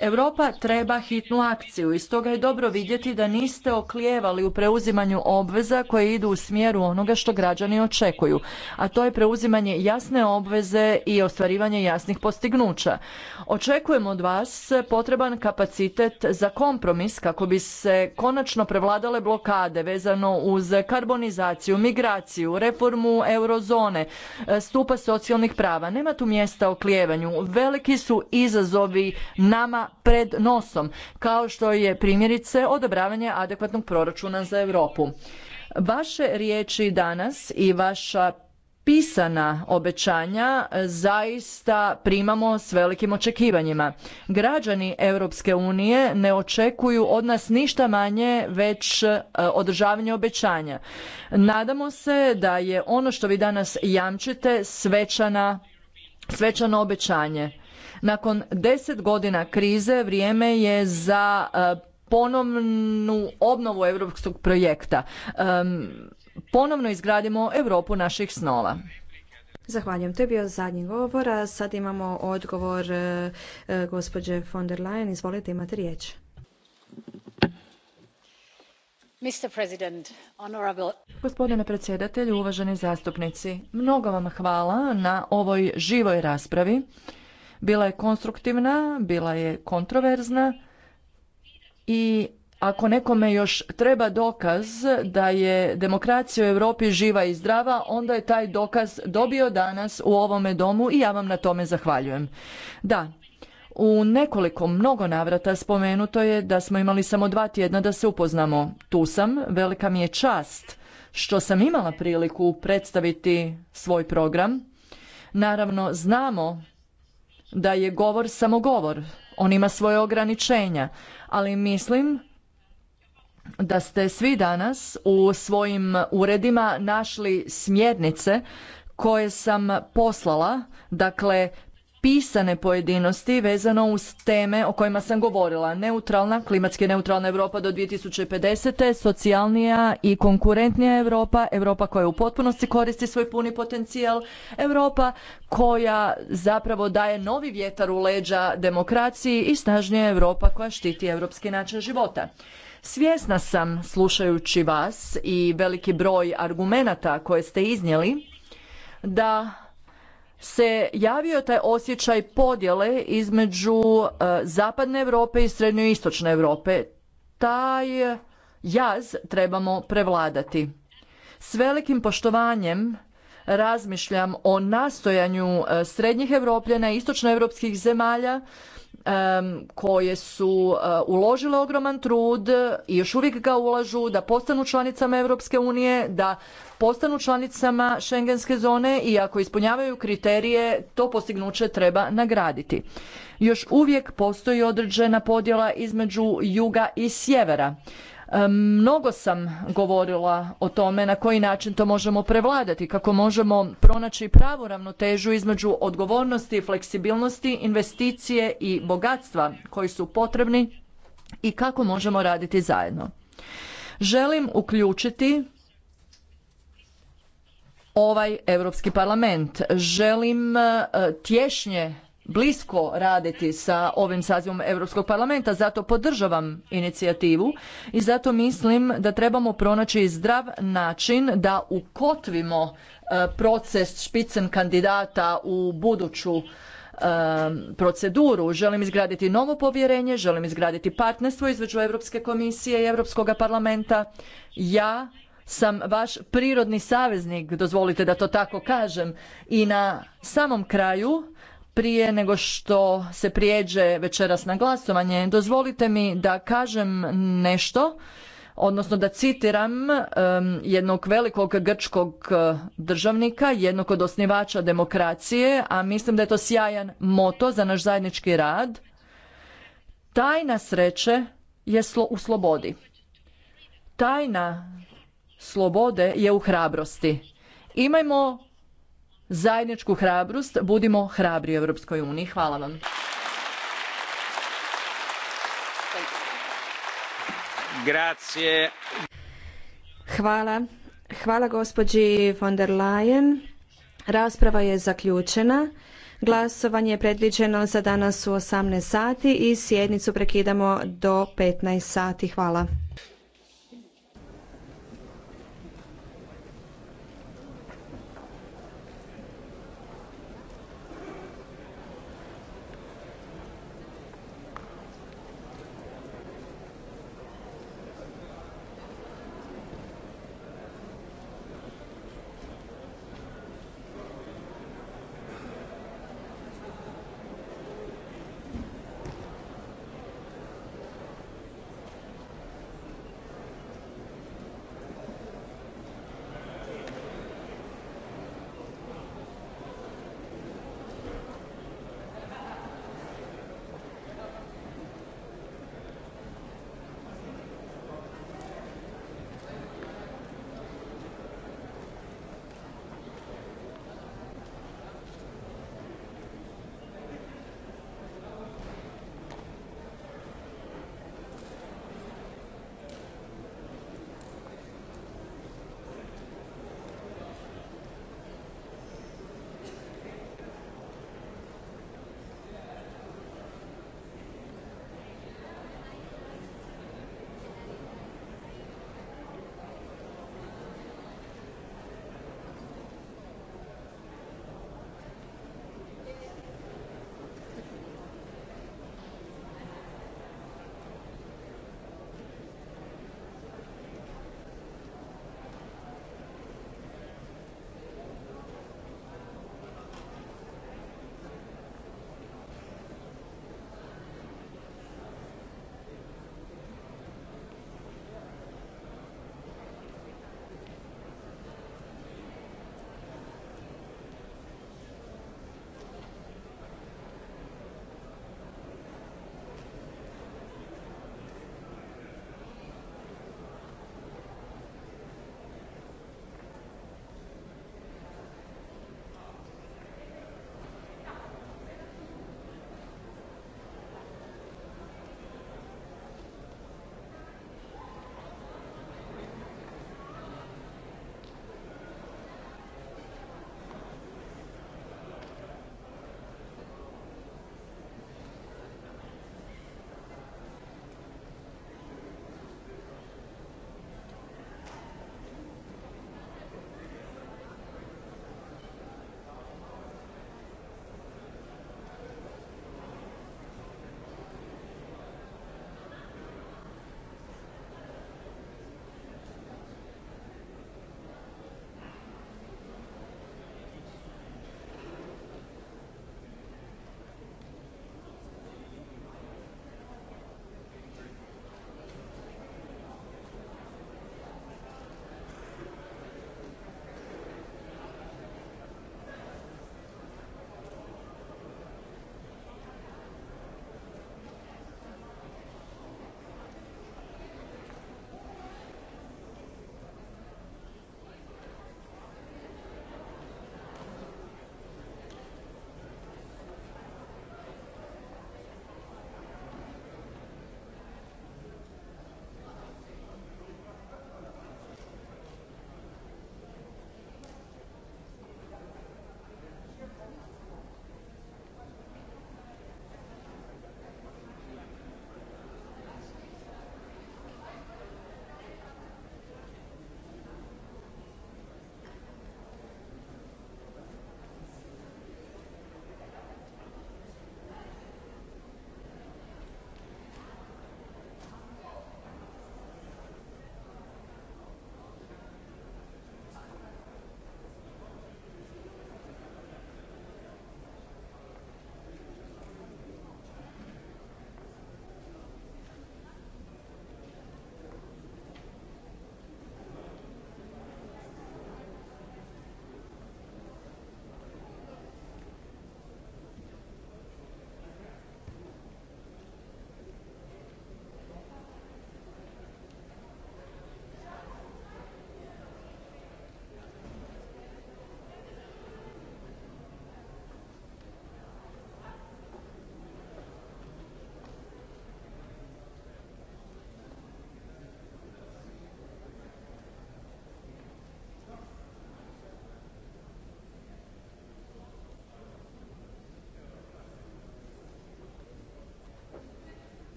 Europa treba hitnu akciju i stoga je dobro vidjeti da niste oklijevali u preuzimanju obveza koje idu u smjeru onoga što građani očekuju, a to je preuzimanje jasne obveze i ostvarivanje jasnih postignuća. Očekujem od vas potreban kapacitet za kompromis kako bi se konačno prevladale blokade vezano uz karbonizaciju, migraciju, reformu reformu eurozone, e, stupa socijalnih prava. Nema tu mjesta oklijevanju. Veliki su izazovi nama pred nosom, kao što je primjerice odobravanje adekvatnog proračuna za Europu. Vaše riječi danas i vaša pisana obećanja e, zaista primamo s velikim očekivanjima. Građani Europske unije ne očekuju od nas ništa manje već e, održavanje obećanja. Nadamo se da je ono što vi danas jamčite svečana, svečano obećanje. Nakon deset godina krize vrijeme je za e, ponovnu obnovu europskog projekta ponovno izgradimo Europu naših snova. Zahvaljujem. To je bio zadnji govor, a sad imamo odgovor e, e, gospođe von der Leyen. Izvolite, imate riječ. Gospodine predsjedatelju, uvaženi zastupnici, mnogo vam hvala na ovoj živoj raspravi. Bila je konstruktivna, bila je kontroverzna i ako nekome još treba dokaz da je demokracija u Europi živa i zdrava, onda je taj dokaz dobio danas u ovome domu i ja vam na tome zahvaljujem. Da, u nekoliko mnogo navrata spomenuto je da smo imali samo dva tjedna da se upoznamo. Tu sam, velika mi je čast što sam imala priliku predstaviti svoj program. Naravno, znamo da je govor samo govor. On ima svoje ograničenja, ali mislim da ste svi danas u svojim uredima našli smjernice koje sam poslala, dakle pisane pojedinosti vezano uz teme o kojima sam govorila. Neutralna, klimatski neutralna Europa do 2050. Socijalnija i konkurentnija Europa. Europa koja u potpunosti koristi svoj puni potencijal. Europa koja zapravo daje novi vjetar u leđa demokraciji i snažnija Europa koja štiti europski način života. Svjesna sam, slušajući vas i veliki broj argumenata koje ste iznijeli, da se javio taj osjećaj podjele između e, zapadne Europe i srednjoistočne Europe. Taj jaz trebamo prevladati. S velikim poštovanjem razmišljam o nastojanju e, srednjih Evropljena i istočnoevropskih zemalja koje su eh, uložile ogroman trud i još uvijek ga ulažu da postanu članicama Europske unije, da postanu članicama Schengenske zone i ako ispunjavaju kriterije to postignuće treba nagraditi. Još uvijek postoji određena podjela između juga i sjevera. E, mnogo sam govorila o tome na koji način to možemo prevladati, kako možemo pronaći pravu ravnotežu između odgovornosti fleksibilnosti, investicije i bogatstva koji su potrebni i kako možemo raditi zajedno. Želim uključiti ovaj Europski parlament. Želim e, tješnje blisko raditi sa ovim sazivom Europskog parlamenta, zato podržavam inicijativu i zato mislim da trebamo pronaći zdrav način da ukotvimo e, proces špicen kandidata u buduću e, proceduru, želim izgraditi novo povjerenje, želim izgraditi partnerstvo između Europske komisije i Europskog parlamenta. Ja sam vaš prirodni saveznik, dozvolite da to tako kažem. I na samom kraju prije nego što se prijeđe večeras na glasovanje, dozvolite mi da kažem nešto, odnosno da citiram jednog velikog grčkog e, državnika, jednog od osnivača demokracije, a mislim da je to sjajan moto za naš zajednički rad. Tajna sreće je slo u slobodi. Tajna slobode je u hrabrosti. Imajmo zajedničku hrabrost, budimo hrabri u Europskoj uniji. Hvala vam. Hvala. Hvala gospođi von der Leyen. Rasprava je zaključena. Glasovanje je predviđeno za danas u 18 sati i sjednicu prekidamo do 15 sati. Hvala.